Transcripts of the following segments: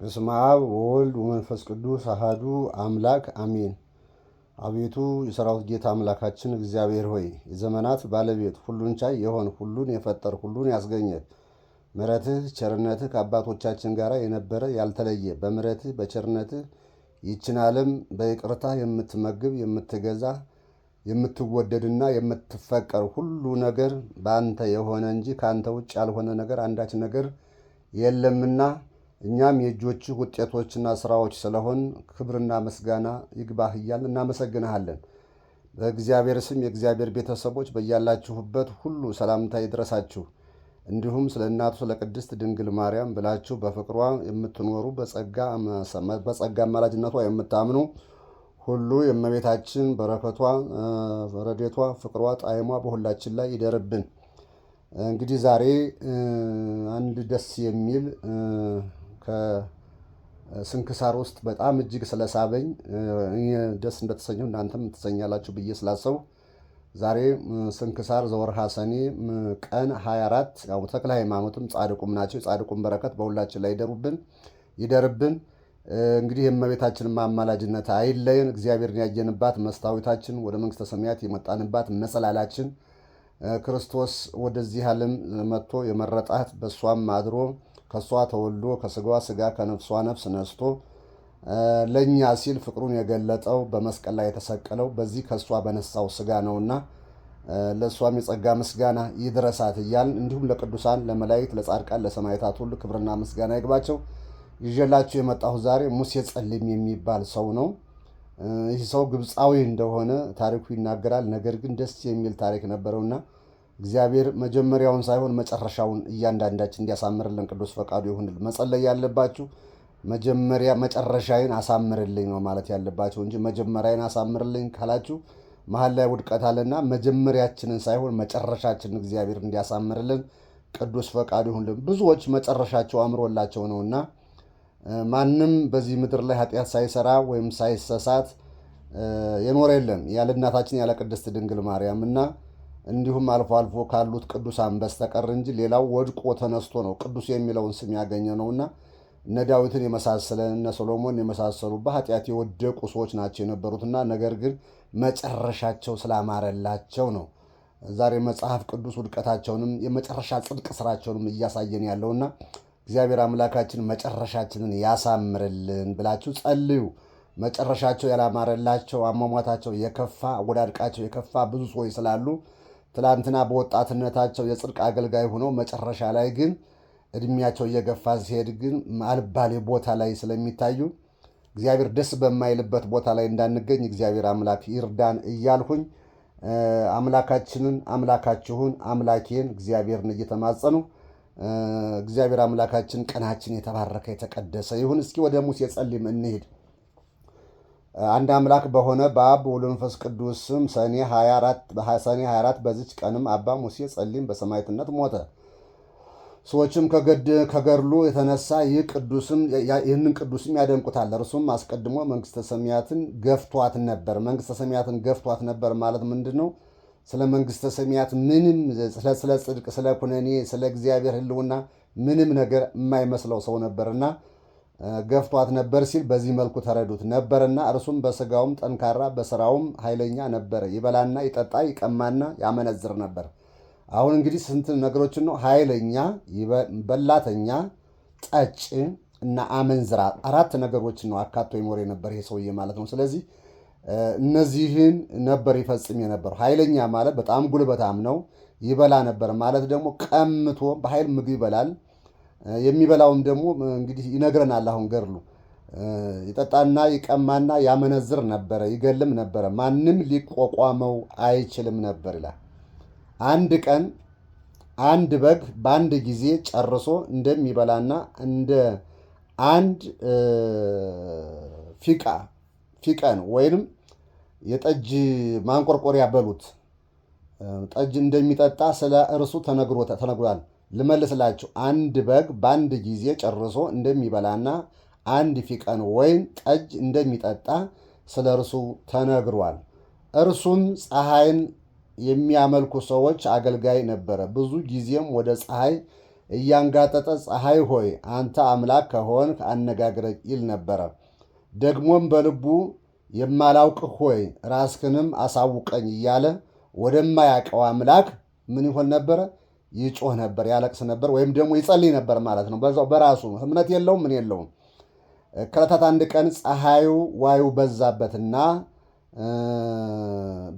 በስመ አብ ወወልድ ወመንፈስ ቅዱስ አሃዱ አምላክ አሜን። አቤቱ የሰራዊት ጌታ አምላካችን እግዚአብሔር ሆይ የዘመናት ባለቤት ሁሉን ቻይ የሆን ሁሉን የፈጠር ሁሉን ያስገኘ ምረትህ ቸርነትህ ከአባቶቻችን ጋር የነበረ ያልተለየ በምረትህ በቸርነትህ ይችን ዓለም በይቅርታ የምትመግብ የምትገዛ የምትወደድና የምትፈቀር ሁሉ ነገር በአንተ የሆነ እንጂ ከአንተ ውጭ ያልሆነ ነገር አንዳች ነገር የለምና እኛም የእጆችህ ውጤቶችና ስራዎች ስለሆን ክብርና ምስጋና ይግባህ እያልን እናመሰግንሃለን። በእግዚአብሔር ስም የእግዚአብሔር ቤተሰቦች በያላችሁበት ሁሉ ሰላምታ ይድረሳችሁ። እንዲሁም ስለ እናቱ ስለ ቅድስት ድንግል ማርያም ብላችሁ በፍቅሯ የምትኖሩ በጸጋ አማላጅነቷ የምታምኑ ሁሉ የእመቤታችን በረከቷ፣ ረድኤቷ፣ ፍቅሯ፣ ጣዕሟ በሁላችን ላይ ይደርብን። እንግዲህ ዛሬ አንድ ደስ የሚል ከስንክሳር ውስጥ በጣም እጅግ ስለሳበኝ ደስ እንደተሰኘው እናንተም ትሰኛላችሁ ብዬ ስላሰው ዛሬ ስንክሳር ዘወርሃ ሰኔ ቀን 24 ያው ተክለ ሃይማኖትም ጻድቁም ናቸው። የጻድቁም በረከት በሁላችን ላይ ይደሩብን ይደርብን። እንግዲህ የእመቤታችን ማማላጅነት አይለየን። እግዚአብሔርን ያየንባት መስታወታችን፣ ወደ መንግስተ ሰማያት የመጣንባት መሰላላችን፣ ክርስቶስ ወደዚህ ዓለም መጥቶ የመረጣት በእሷም አድሮ ከእሷ ተወልዶ ከስጋዋ ስጋ ከነፍሷ ነፍስ ነስቶ ለእኛ ሲል ፍቅሩን የገለጠው በመስቀል ላይ የተሰቀለው በዚህ ከእሷ በነሳው ስጋ ነውና ለእሷም የጸጋ ምስጋና ይድረሳት እያል እንዲሁም ለቅዱሳን ለመላእክት፣ ለጻድቃን፣ ለሰማዕታት ሁሉ ክብርና ምስጋና ይግባቸው። ይዤላችሁ የመጣሁ ዛሬ ሙሴ ጸሊም የሚባል ሰው ነው። ይህ ሰው ግብፃዊ እንደሆነ ታሪኩ ይናገራል። ነገር ግን ደስ የሚል ታሪክ ነበረውና እግዚአብሔር መጀመሪያውን ሳይሆን መጨረሻውን እያንዳንዳችን እንዲያሳምርልን ቅዱስ ፈቃዱ ይሁንል። መጸለይ ያለባችሁ መጀመሪያ መጨረሻዬን አሳምርልኝ ነው ማለት ያለባችሁ እንጂ መጀመሪያዬን አሳምርልኝ ካላችሁ መሀል ላይ ውድቀት አለና መጀመሪያችንን ሳይሆን መጨረሻችንን እግዚአብሔር እንዲያሳምርልን ቅዱስ ፈቃዱ ይሁንልን። ብዙዎች መጨረሻቸው አምሮላቸው ነውና ማንም በዚህ ምድር ላይ ኃጢአት ሳይሰራ ወይም ሳይሰሳት የኖረ የለም ያለ እናታችን ያለ ቅድስት ድንግል ማርያም እና እንዲሁም አልፎ አልፎ ካሉት ቅዱሳን በስተቀር እንጂ ሌላው ወድቆ ተነስቶ ነው ቅዱስ የሚለውን ስም ያገኘ ነውና እነ ዳዊትን የመሳሰለ እነ ሶሎሞን የመሳሰሉ በኃጢአት የወደቁ ሰዎች ናቸው የነበሩትና ነገር ግን መጨረሻቸው ስላማረላቸው ነው ዛሬ መጽሐፍ ቅዱስ ውድቀታቸውንም የመጨረሻ ጽድቅ ስራቸውንም እያሳየን ያለውና እግዚአብሔር አምላካችን መጨረሻችንን ያሳምርልን ብላችሁ ጸልዩ። መጨረሻቸው ያላማረላቸው፣ አሟሟታቸው የከፋ አወዳድቃቸው የከፋ ብዙ ሰዎች ስላሉ ትላንትና በወጣትነታቸው የጽድቅ አገልጋይ ሆነው መጨረሻ ላይ ግን እድሜያቸው እየገፋ ሲሄድ ግን አልባሌ ቦታ ላይ ስለሚታዩ እግዚአብሔር ደስ በማይልበት ቦታ ላይ እንዳንገኝ እግዚአብሔር አምላክ ይርዳን እያልሁኝ አምላካችንን አምላካችሁን አምላኬን እግዚአብሔርን እየተማጸኑ እግዚአብሔር አምላካችን ቀናችን የተባረከ የተቀደሰ ይሁን። እስኪ ወደ ሙሴ ጸሊም እንሄድ። አንድ አምላክ በሆነ በአብ ወወልድ ወመንፈስ ቅዱስ ስም ሰኔ 24 በዚች ቀንም አባ ሙሴ ጸሊም በሰማዕትነት ሞተ። ሰዎችም ከገድሉ የተነሳ ይህንን ቅዱስም ያደንቁታል። እርሱም አስቀድሞ መንግስተ ሰማያትን ገፍቷት ነበር። መንግስተ ሰማያትን ገፍቷት ነበር ማለት ምንድን ነው? ስለ መንግስተ ሰማያት ምንም፣ ስለ ጽድቅ፣ ስለ ኩነኔ፣ ስለ እግዚአብሔር ህልውና ምንም ነገር የማይመስለው ሰው ነበርና ገፍቷት ነበር ሲል በዚህ መልኩ ተረዱት። ነበርና እርሱም በስጋውም ጠንካራ በስራውም ኃይለኛ ነበረ። ይበላና ይጠጣ ይቀማና ያመነዝር ነበር። አሁን እንግዲህ ስንት ነገሮችን ነው? ኃይለኛ፣ በላተኛ፣ ጠጭ እና አመንዝራ አራት ነገሮችን ነው አካቶ ይኖር የነበር ይሄ ሰውዬ ማለት ነው። ስለዚህ እነዚህን ነበር ይፈጽም የነበረው። ኃይለኛ ማለት በጣም ጉልበታም ነው። ይበላ ነበር ማለት ደግሞ ቀምቶ በኃይል ምግብ ይበላል። የሚበላውም ደግሞ እንግዲህ ይነግረናል። አሁን ገርሉ ይጠጣና ይቀማና ያመነዝር ነበረ፣ ይገልም ነበረ፣ ማንም ሊቋቋመው አይችልም ነበር ይላል። አንድ ቀን አንድ በግ በአንድ ጊዜ ጨርሶ እንደሚበላና እንደ አንድ ፊቃ ፊቀን ወይንም የጠጅ ማንቆርቆሪያ በሉት ጠጅ እንደሚጠጣ ስለ እርሱ ተነግሮታል። ልመልስላችሁ አንድ በግ በአንድ ጊዜ ጨርሶ እንደሚበላና አንድ ፊቀን ወይን ጠጅ እንደሚጠጣ ስለ እርሱ ተነግሯል። እርሱም ፀሐይን የሚያመልኩ ሰዎች አገልጋይ ነበረ። ብዙ ጊዜም ወደ ፀሐይ እያንጋጠጠ ፀሐይ ሆይ አንተ አምላክ ከሆንክ አነጋግረኝ ይል ነበረ። ደግሞም በልቡ የማላውቅህ ሆይ ራስክንም አሳውቀኝ እያለ ወደማያውቀው አምላክ ምን ይሆን ነበረ? ይጮህ ነበር፣ ያለቅስ ነበር፣ ወይም ደግሞ ይጸልይ ነበር ማለት ነው። በዛው በራሱ እምነት የለውም ምን የለውም። ከዕለታት አንድ ቀን ፀሐዩ ዋዩ በዛበትና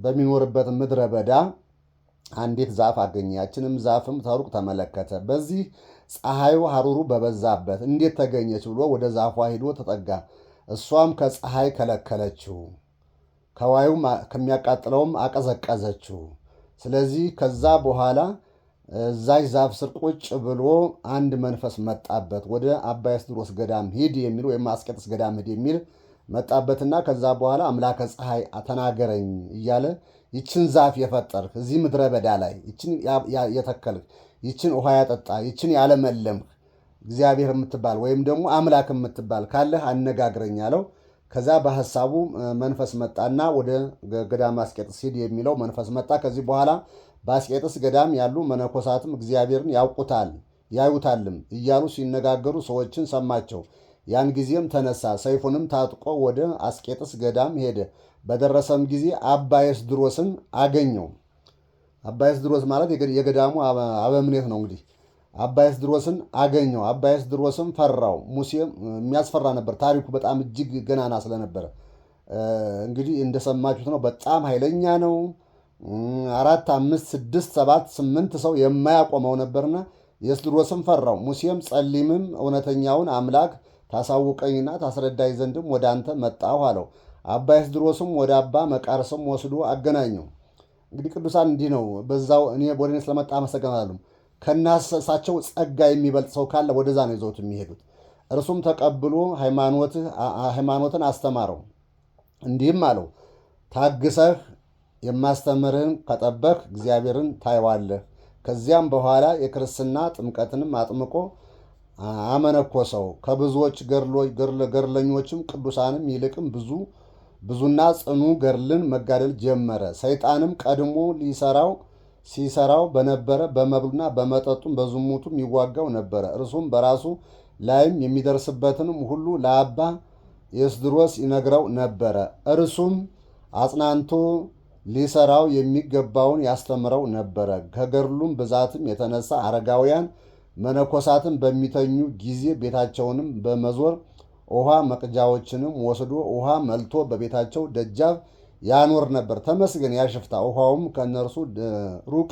በሚኖርበት ምድረ በዳ አንዲት ዛፍ አገኘ። ያችንም ዛፍም ተሩቅ ተመለከተ። በዚህ ፀሐዩ ሐሩሩ በበዛበት እንዴት ተገኘች ብሎ ወደ ዛፏ ሂዶ ተጠጋ። እሷም ከፀሐይ ከለከለችው፣ ከዋዩም ከሚያቃጥለውም አቀዘቀዘችው። ስለዚህ ከዛ በኋላ እዛች ዛፍ ስር ቁጭ ብሎ አንድ መንፈስ መጣበት። ወደ አባ ይስድሮስ ገዳም ሂድ የሚል ወይም አስቄጥስ ገዳም ሂድ የሚል መጣበትና ከዛ በኋላ አምላከ ፀሐይ ተናገረኝ እያለ ይችን ዛፍ የፈጠርህ እዚህ ምድረ በዳ ላይ ይችን የተከልህ ይችን ውሃ ያጠጣ ይችን ያለመለምህ እግዚአብሔር የምትባል ወይም ደግሞ አምላክ የምትባል ካለህ አነጋግረኝ አለው። ከዛ በሀሳቡ መንፈስ መጣና ወደ ገዳም አስቄጥስ ሂድ የሚለው መንፈስ መጣ። ከዚህ በኋላ በአስቄጥስ ገዳም ያሉ መነኮሳትም እግዚአብሔርን ያውቁታል ያዩታልም እያሉ ሲነጋገሩ ሰዎችን ሰማቸው። ያን ጊዜም ተነሳ፣ ሰይፉንም ታጥቆ ወደ አስቄጥስ ገዳም ሄደ። በደረሰም ጊዜ አባ ድሮስን አገኘው። አባ ድሮስ ማለት የገዳሙ አበምኔት ነው። እንግዲህ አባ ድሮስን አገኘው። አባ የስድሮስም ፈራው። ሙሴ የሚያስፈራ ነበር፣ ታሪኩ በጣም እጅግ ገናና ስለነበረ እንግዲህ እንደሰማችሁት ነው። በጣም ኃይለኛ ነው። አራት አምስት ስድስት ሰባት ስምንት ሰው የማያቆመው ነበርና የስድሮስም ፈራው። ሙሴም ጸሊምም እውነተኛውን አምላክ ታሳውቀኝና ታስረዳኝ ዘንድም ወደ አንተ መጣሁ አለው። አባ የስድሮስም ወደ አባ መቃርስም ወስዶ አገናኘው። እንግዲህ ቅዱሳን እንዲህ ነው። በዛው እኔ ወደ ስለመጣ አመሰግናለሁ። ከናሳቸው ጸጋ የሚበልጥ ሰው ካለ ወደዛ ነው ይዘውት የሚሄዱት። እርሱም ተቀብሎ ሃይማኖትን አስተማረው፣ እንዲህም አለው ታግሰህ የማስተምርህን ከጠበቅ እግዚአብሔርን ታይዋለህ። ከዚያም በኋላ የክርስትና ጥምቀትንም አጥምቆ አመነኮሰው። ከብዙዎች ገርለኞችም ቅዱሳንም ይልቅም ብዙ ብዙና ጽኑ ገርልን መጋደል ጀመረ። ሰይጣንም ቀድሞ ሊሰራው ሲሰራው በነበረ በመብሉና በመጠጡም በዝሙቱም ይዋጋው ነበረ። እርሱም በራሱ ላይም የሚደርስበትንም ሁሉ ለአባ የስድሮስ ይነግረው ነበረ። እርሱም አጽናንቶ ሊሰራው የሚገባውን ያስተምረው ነበረ። ከገድሉም ብዛትም የተነሳ አረጋውያን መነኮሳትን በሚተኙ ጊዜ ቤታቸውንም በመዞር ውሃ መቅጃዎችንም ወስዶ ውሃ መልቶ በቤታቸው ደጃፍ ያኖር ነበር። ተመስገን ያሽፍታ ውሃውም ከእነርሱ ሩቅ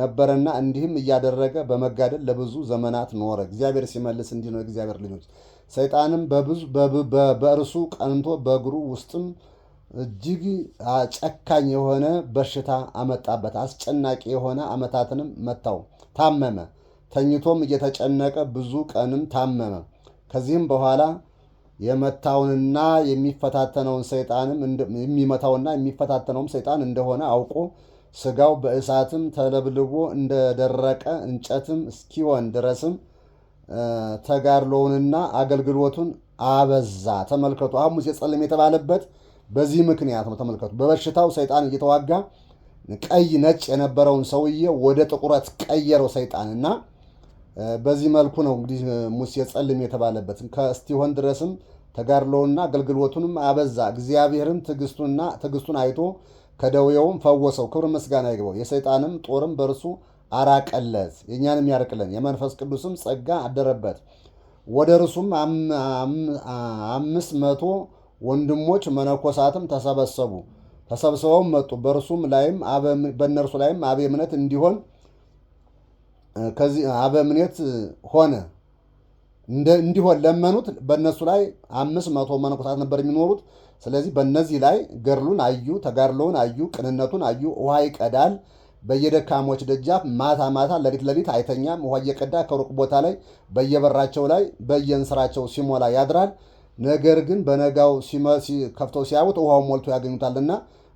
ነበረና እንዲህም እያደረገ በመጋደል ለብዙ ዘመናት ኖረ። እግዚአብሔር ሲመልስ እንዲህ ነው። እግዚአብሔር ልጆች ሰይጣንም በእርሱ ቀንቶ በእግሩ ውስጥም እጅግ ጨካኝ የሆነ በሽታ አመጣበት። አስጨናቂ የሆነ ዓመታትንም መታው። ታመመ። ተኝቶም እየተጨነቀ ብዙ ቀንም ታመመ። ከዚህም በኋላ የመታውንና የሚፈታተነውን ሰይጣንም የሚመታውና የሚፈታተነውም ሰይጣን እንደሆነ አውቆ ስጋው በእሳትም ተለብልቦ እንደደረቀ እንጨትም እስኪሆን ድረስም ተጋድሎውንና አገልግሎቱን አበዛ። ተመልከቱ አሙስ የጸልም የተባለበት በዚህ ምክንያት ነው። ተመልከቱ። በበሽታው ሰይጣን እየተዋጋ ቀይ ነጭ የነበረውን ሰውዬ ወደ ጥቁረት ቀየረው ሰይጣን እና በዚህ መልኩ ነው እንግዲህ ሙሴ ጸልም የተባለበት ከስቲሆን ድረስም ተጋድሎውና አገልግሎቱንም አበዛ። እግዚአብሔርም ትዕግስቱና ትዕግስቱን አይቶ ከደውየውም ፈወሰው። ክብር ምስጋና ይግባው። የሰይጣንም ጦርም በእርሱ አራቀለት፣ የእኛንም ያርቅለን። የመንፈስ ቅዱስም ጸጋ አደረበት። ወደ እርሱም አምስት መቶ ወንድሞች መነኮሳትም ተሰበሰቡ። ተሰብስበውም መጡ። በእርሱም ላይም በእነርሱ ላይም አበ ምኔት እንዲሆን ከዚህ አበ ምኔት ሆነ እንዲሆን ለመኑት። በእነሱ ላይ አምስት መቶ መነኮሳት ነበር የሚኖሩት። ስለዚህ በእነዚህ ላይ ገድሉን አዩ፣ ተጋድሎውን አዩ፣ ቅንነቱን አዩ። ውሃ ይቀዳል በየደካሞች ደጃፍ ማታ ማታ ለሊት ለሊት አይተኛም። ውሃ እየቀዳ ከሩቅ ቦታ ላይ በየበራቸው ላይ በየእንስራቸው ሲሞላ ያድራል። ነገር ግን በነጋው ከፍተው ሲያዩት ውሃውን ሞልቶ ያገኙታልና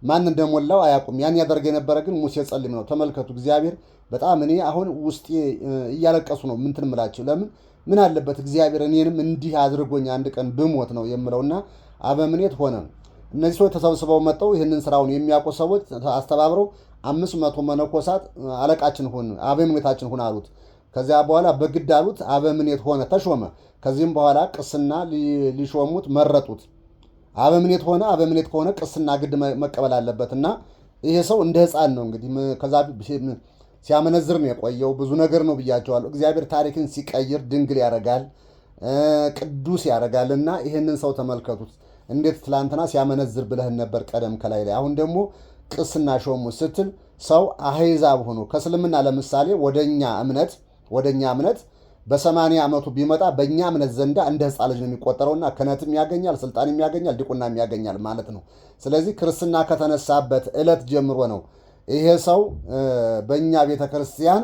ማን እንደሞላው አያውቁም። ያን ያደርግ የነበረ ግን ሙሴ ጸልም ነው። ተመልከቱ እግዚአብሔር በጣም እኔ አሁን ውስጤ እያለቀሱ ነው። ምንትን ምላቸው ለምን ምን አለበት እግዚአብሔር እኔንም እንዲህ አድርጎኝ አንድ ቀን ብሞት ነው የምለውና አበምኔት ሆነ። እነዚህ ሰዎች ተሰብስበው መጠው ይህንን ስራውን የሚያውቁ ሰዎች አስተባብረው አምስት መቶ መነኮሳት አለቃችን ሁን አበምኔታችን ሁን አሉት። ከዚያ በኋላ በግድ አሉት፣ አበምኔት ሆነ ተሾመ። ከዚህም በኋላ ቅስና ሊሾሙት መረጡት። አበምኔት ሆነ። አበምኔት ከሆነ ቅስና ግድ መቀበል አለበት እና ይሄ ሰው እንደ ሕፃን ነው እንግዲህ ከዛ ሲያመነዝር ነው የቆየው። ብዙ ነገር ነው ብያቸዋለሁ። እግዚአብሔር ታሪክን ሲቀይር ድንግል ያደርጋል፣ ቅዱስ ያደርጋል። እና ይህንን ሰው ተመልከቱት። እንዴት ትላንትና ሲያመነዝር ብለህን ነበር ቀደም ከላይ ላይ አሁን ደግሞ ቅስና ሾሙ ስትል ሰው አህዛብ ሆኖ ከእስልምና ለምሳሌ ወደኛ እምነት ወደ እኛ እምነት በሰማንያ ዓመቱ ቢመጣ በእኛ እምነት ዘንዳ እንደ ሕፃን ልጅ ነው የሚቆጠረውና ክህነትም ያገኛል፣ ስልጣንም ያገኛል፣ ዲቁናም ያገኛል ማለት ነው። ስለዚህ ክርስትና ከተነሳበት ዕለት ጀምሮ ነው ይሄ ሰው በእኛ ቤተ ክርስቲያን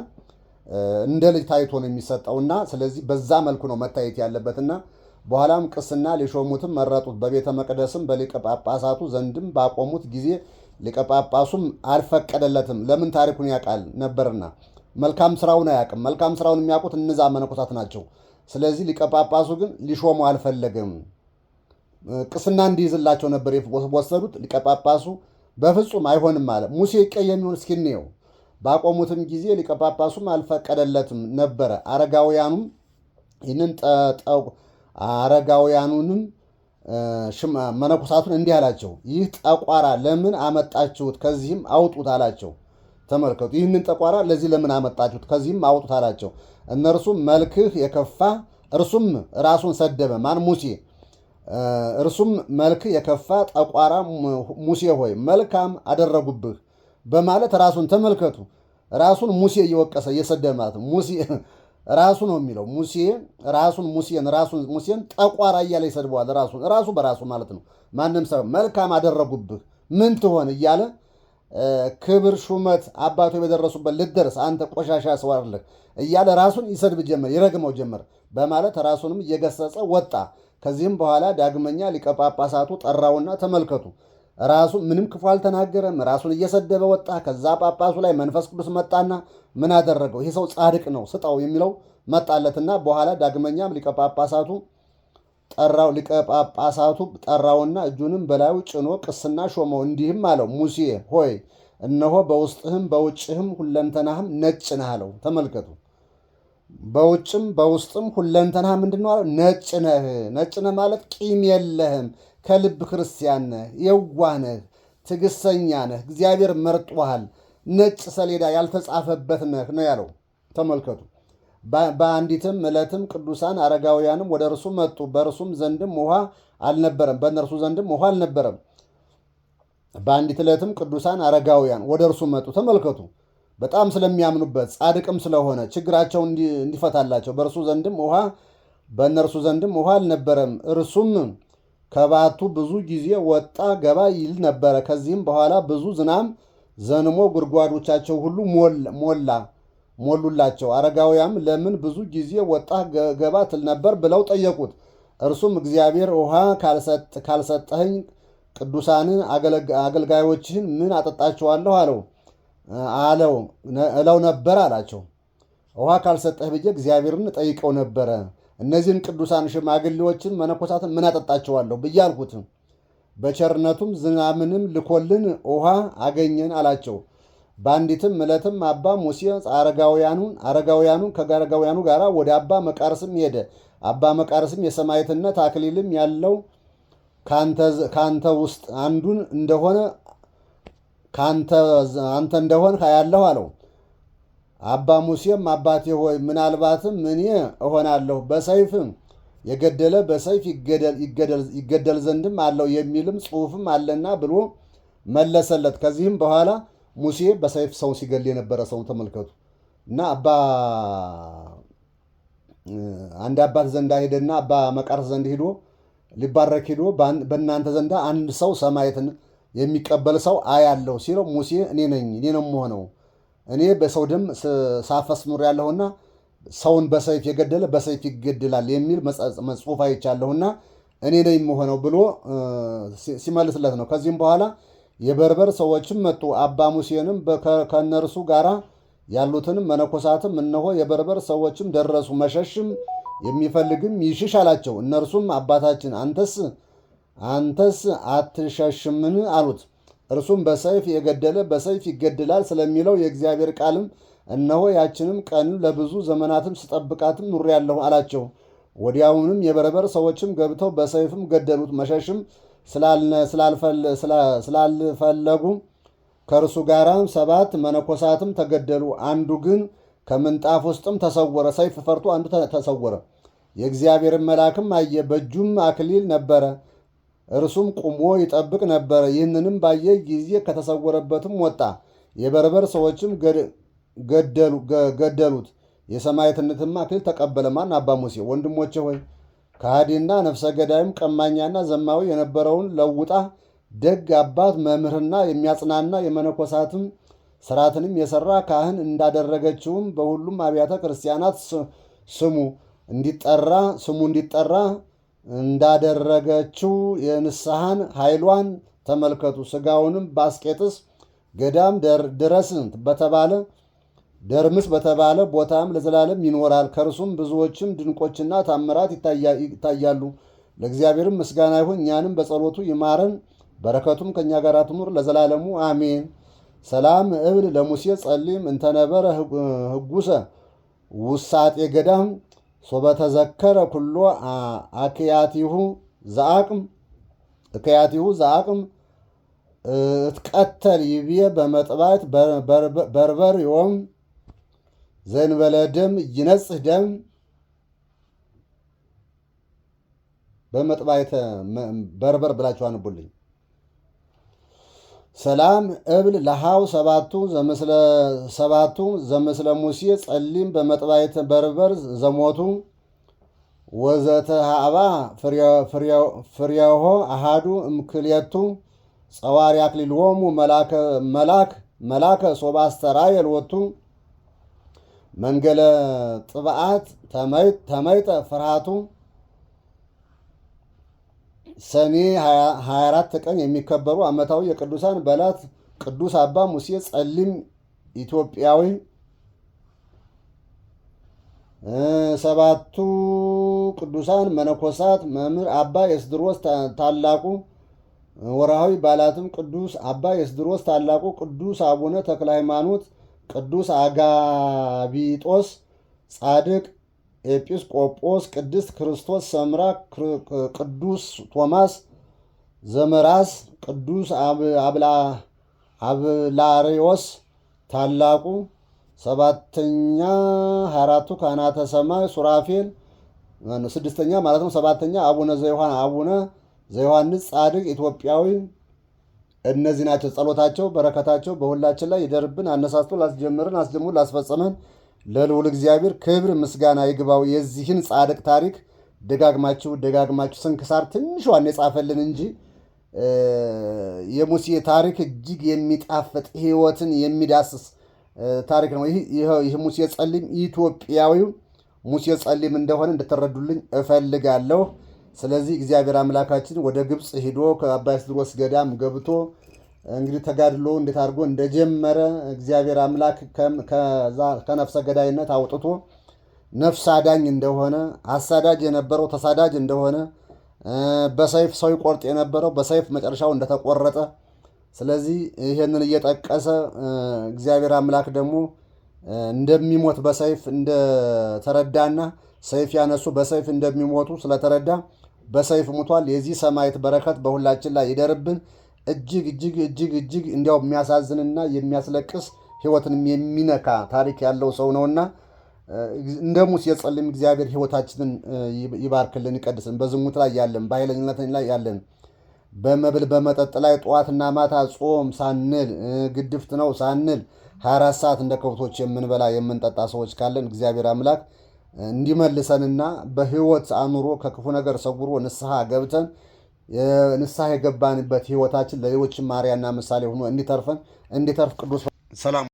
እንደ ልጅ ታይቶ ነው የሚሰጠውና ስለዚህ በዛ መልኩ ነው መታየት ያለበትና በኋላም ቅስና ሊሾሙትም መረጡት። በቤተ መቅደስም በሊቀ ጳጳሳቱ ዘንድም ባቆሙት ጊዜ ሊቀ ጳጳሱም አልፈቀደለትም። ለምን ታሪኩን ያውቃል ነበርና መልካም ስራውን አያውቅም። መልካም ስራውን የሚያውቁት እነዛ መነኮሳት ናቸው። ስለዚህ ሊቀ ጳጳሱ ግን ሊሾሙ አልፈለግም ቅስና እንዲይዝላቸው ነበር ወሰዱት። ሊቀ ጳጳሱ በፍጹም አይሆንም አለ። ሙሴ ይቀየም ይሆን ባቆሙትም ጊዜ ሊቀ ጳጳሱም አልፈቀደለትም ነበረ። አረጋውያኑም ይህንን አረጋውያኑንም መነኮሳቱን እንዲህ አላቸው፣ ይህ ጠቋራ ለምን አመጣችሁት? ከዚህም አውጡት አላቸው። ተመልከቱ። ይህንን ጠቋራ ለዚህ ለምን አመጣችሁት? ከዚህም አውጡት አላቸው። እነርሱም መልክህ የከፋ እርሱም ራሱን ሰደበ። ማን? ሙሴ። እርሱም መልክ የከፋ ጠቋራ ሙሴ ሆይ መልካም አደረጉብህ በማለት ራሱን ተመልከቱ። ራሱን ሙሴ እየወቀሰ እየሰደበ ማለት ነው። ሙሴ ራሱ ነው የሚለው ሙሴ ራሱን ሙሴን ራሱን ሙሴን ጠቋራ እያለ ይሰድበዋል። ራሱን ራሱ በራሱ ማለት ነው። ማንም ሰው መልካም አደረጉብህ ምን ትሆን እያለ ክብር፣ ሹመት አባቱ በደረሱበት ልደርስ አንተ ቆሻሻ ሰው አይደለህ እያለ ራሱን ይሰድብ ጀመር፣ ይረግመው ጀመር በማለት ራሱንም እየገሰጸ ወጣ። ከዚህም በኋላ ዳግመኛ ሊቀ ጳጳሳቱ ጠራውና ተመልከቱ ራሱ ምንም ክፉ አልተናገረም። ራሱን እየሰደበ ወጣ። ከዛ ጳጳሱ ላይ መንፈስ ቅዱስ መጣና ምን አደረገው? ይህ ሰው ጻድቅ ነው ስጠው የሚለው መጣለትና በኋላ ዳግመኛም ሊቀ ጳጳሳቱ ጠራው። ሊቀ ጳጳሳቱ ጠራውና እጁንም በላዩ ጭኖ ቅስና ሾመው፣ እንዲህም አለው ሙሴ ሆይ እነሆ በውስጥህም በውጭህም ሁለንተናህም ነጭ ነህ አለው። ተመልከቱ፣ በውጭም በውስጥም ሁለንተናህ ምንድን ነው አለው? ነጭ ነህ። ነጭ ነህ ማለት ቂም የለህም፣ ከልብ ክርስቲያን ነህ፣ የዋህ ነህ፣ ትዕግስተኛ ነህ፣ እግዚአብሔር መርጦሃል፣ ነጭ ሰሌዳ ያልተጻፈበት ነህ ነው ያለው። ተመልከቱ በአንዲትም ዕለትም ቅዱሳን አረጋውያንም ወደ እርሱ መጡ። በእርሱም ዘንድም ውሃ አልነበረም፣ በእነርሱ ዘንድም ውሃ አልነበረም። በአንዲት ዕለትም ቅዱሳን አረጋውያን ወደ እርሱ መጡ። ተመልከቱ፣ በጣም ስለሚያምኑበት ጻድቅም ስለሆነ ችግራቸው እንዲፈታላቸው በእርሱ ዘንድም ውሃ በእነርሱ ዘንድም ውሃ አልነበረም። እርሱም ከባቱ ብዙ ጊዜ ወጣ ገባ ይል ነበረ። ከዚህም በኋላ ብዙ ዝናም ዘንሞ ጉድጓዶቻቸው ሁሉ ሞላ ሞሉላቸው። አረጋውያም ለምን ብዙ ጊዜ ወጣህ ገባ ትል ነበር ብለው ጠየቁት። እርሱም እግዚአብሔር ውሃ ካልሰጠኸኝ ቅዱሳንን አገልጋዮችህን ምን አጠጣቸዋለሁ አለው አለው እለው ነበር አላቸው። ውሃ ካልሰጠህ ብዬ እግዚአብሔርን ጠይቀው ነበረ። እነዚህን ቅዱሳን ሽማግሌዎችን መነኮሳትን ምን አጠጣቸዋለሁ ብዬ አልኩት። በቸርነቱም ዝናብንም ልኮልን ውሃ አገኘን አላቸው። በአንዲትም ዕለትም አባ ሙሴ አረጋውያኑን አረጋውያኑን ከአረጋውያኑ ጋር ወደ አባ መቃርስም ሄደ። አባ መቃርስም የሰማዕትነት አክሊልም ያለው ካንተ ውስጥ አንዱን እንደሆነ አንተ እንደሆን ያለሁ አለው። አባ ሙሴም አባቴ ሆይ ምናልባትም እኔ እሆናለሁ በሰይፍ የገደለ በሰይፍ ይገደል ዘንድም አለው የሚልም ጽሑፍም አለና ብሎ መለሰለት። ከዚህም በኋላ ሙሴ በሰይፍ ሰውን ሲገል የነበረ ሰው ተመልከቱ እና አባ አንድ አባት ዘንዳ ሄደና አባ መቃርስ ዘንድ ሄዶ ሊባረክ ሄዶ በእናንተ ዘንዳ አንድ ሰው ሰማየትን የሚቀበል ሰው አያለሁ ሲለው ሙሴ እኔ ነኝ እኔ ነው የምሆነው እኔ በሰው ደም ሳፈስ ኑር ያለሁና ሰውን በሰይፍ የገደለ በሰይፍ ይገድላል የሚል ጽሑፍ አይቻለሁና እኔ ነኝ የምሆነው ብሎ ሲመልስለት ነው። ከዚህም በኋላ የበርበር ሰዎችም መጡ። አባ ሙሴንም ከእነርሱ ጋር ያሉትንም መነኮሳትም እነሆ የበርበር ሰዎችም ደረሱ፣ መሸሽም የሚፈልግም ይሽሽ አላቸው። እነርሱም አባታችን አንተስ አንተስ አትሸሽምን አሉት። እርሱም በሰይፍ የገደለ በሰይፍ ይገድላል ስለሚለው የእግዚአብሔር ቃልም እነሆ ያችንም ቀን ለብዙ ዘመናትም ስጠብቃትም ኑሬያለሁ አላቸው። ወዲያውንም የበርበር ሰዎችም ገብተው በሰይፍም ገደሉት። መሸሽም ስላልፈለጉ ከእርሱ ጋራም ሰባት መነኮሳትም ተገደሉ። አንዱ ግን ከምንጣፍ ውስጥም ተሰወረ፣ ሰይፍ ፈርቶ አንዱ ተሰወረ። የእግዚአብሔርን መልአክም አየ፣ በእጁም አክሊል ነበረ፣ እርሱም ቁሞ ይጠብቅ ነበረ። ይህንንም ባየ ጊዜ ከተሰወረበትም ወጣ። የበርበር ሰዎችም ገደሉት፣ የሰማዕትነትም አክሊል ተቀበለ። ማን አባ ሙሴ። ወንድሞቼ ሆይ ከሃዲና ነፍሰ ገዳይም ቀማኛና ዘማዊ የነበረውን ለውጣ ደግ አባት መምህርና የሚያጽናና የመነኮሳትም ስርዓትንም የሰራ ካህን እንዳደረገችውም በሁሉም አብያተ ክርስቲያናት ስሙ እንዲጠራ ስሙ እንዲጠራ እንዳደረገችው የንስሐን ኃይሏን ተመልከቱ። ስጋውንም ባስቄጥስ ገዳም ድረስ በተባለ ደርምስ በተባለ ቦታም ለዘላለም ይኖራል። ከእርሱም ብዙዎችም ድንቆችና ታምራት ይታያሉ። ለእግዚአብሔርም ምስጋና ይሁን፣ እኛንም በጸሎቱ ይማረን፣ በረከቱም ከእኛ ጋር ትኑር ለዘላለሙ አሜን። ሰላም እብል ለሙሴ ጸሊም እንተነበረ ህጉሰ ውሳጤ ገዳም ሶበተዘከረ ኩሎ አክያቲሁ ዘአቅም እክያቲሁ ዘአቅም እትቀተል ይብየ በመጥባት በርበር ዮም ዘእንበለ ደም ይነጽህ ደም በመጥባይተ በርበር ብላችሁ አንቡልኝ። ሰላም እብል ለሃው ሰባቱ ዘምስለ ሰባቱ ዘምስለ ሙሴ ጸሊም በመጥባይተ በርበር ዘሞቱ ወዘተ አባ ፍሬሆ አሃዱ እምክልየቱ ጸዋሪ አክሊልሆሙ መላከ መላከ ሶባስተራ የልወቱ መንገለ ጥብዓት ተመይጠ ፍርሃቱ ሰኔ 24 ቀን የሚከበሩ ዓመታዊ የቅዱሳን በዓላት ቅዱስ አባ ሙሴ ጸሊም ኢትዮጵያዊ፣ ሰባቱ ቅዱሳን መነኮሳት መምህር አባ የስድሮስ ታላቁ ወርሃዊ በዓላትም ቅዱስ አባ የስድሮስ ታላቁ፣ ቅዱስ አቡነ ተክለ ሃይማኖት ቅዱስ አጋቢጦስ ጻድቅ ኤጲስቆጶስ፣ ቅድስት ክርስቶስ ሰምራ፣ ቅዱስ ቶማስ ዘመራስ፣ ቅዱስ አብላሪዎስ ታላቁ፣ ሰባተኛ አራቱ ካህናተ ሰማይ ሱራፌል፣ ስድስተኛ ማለት ነው። ሰባተኛ አቡነ ዘዮሐን አቡነ ዘዮሐንስ ጻድቅ ኢትዮጵያዊ እነዚህ ናቸው። ጸሎታቸው፣ በረከታቸው በሁላችን ላይ ይደርብን። አነሳስቶ ላስጀምርን፣ አስደሞ ላስፈጸመን ለልዑል እግዚአብሔር ክብር ምስጋና ይግባው። የዚህን ጻድቅ ታሪክ ደጋግማችሁ ደጋግማችሁ ስንክሳር ትንሿን የጻፈልን እንጂ የሙሴ ታሪክ እጅግ የሚጣፍጥ ህይወትን የሚዳስስ ታሪክ ነው። ይህ ሙሴ ጸሊም ኢትዮጵያዊው ሙሴ ጸሊም እንደሆነ እንድትረዱልኝ እፈልጋለሁ። ስለዚህ እግዚአብሔር አምላካችን ወደ ግብፅ ሂዶ ከአባይ ስድሮስ ገዳም ገብቶ እንግዲህ ተጋድሎ እንዴት አድርጎ እንደጀመረ እግዚአብሔር አምላክ ከነፍሰ ገዳይነት አውጥቶ ነፍስ አዳኝ እንደሆነ፣ አሳዳጅ የነበረው ተሳዳጅ እንደሆነ፣ በሰይፍ ሰው ይቆርጥ የነበረው በሰይፍ መጨረሻው እንደተቆረጠ፣ ስለዚህ ይህንን እየጠቀሰ እግዚአብሔር አምላክ ደግሞ እንደሚሞት በሰይፍ እንደተረዳና ሰይፍ ያነሱ በሰይፍ እንደሚሞቱ ስለተረዳ በሰይፍ ሙቷል። የዚህ ሰማዕት በረከት በሁላችን ላይ ይደርብን። እጅግ እጅግ እጅግ እጅግ እንዲያው የሚያሳዝንና የሚያስለቅስ ህይወትንም የሚነካ ታሪክ ያለው ሰው ነውና እንደ ሙሴ የጸልም እግዚአብሔር ህይወታችንን ይባርክልን፣ ይቀድስን። በዝሙት ላይ ያለን፣ በኃይለኝነት ላይ ያለን፣ በመብል በመጠጥ ላይ ጠዋትና ማታ ጾም ሳንል ግድፍት ነው ሳንል 24 ሰዓት እንደ ከብቶች የምንበላ የምንጠጣ ሰዎች ካለን እግዚአብሔር አምላክ እንዲመልሰንና በህይወት አኑሮ ከክፉ ነገር ሰጉሮ ንስሐ ገብተን ንስሐ የገባንበት ህይወታችን ለሌሎችም ማርያና ምሳሌ ሆኖ እንዲተርፈን እንዲተርፍ ቅዱስ ሰላም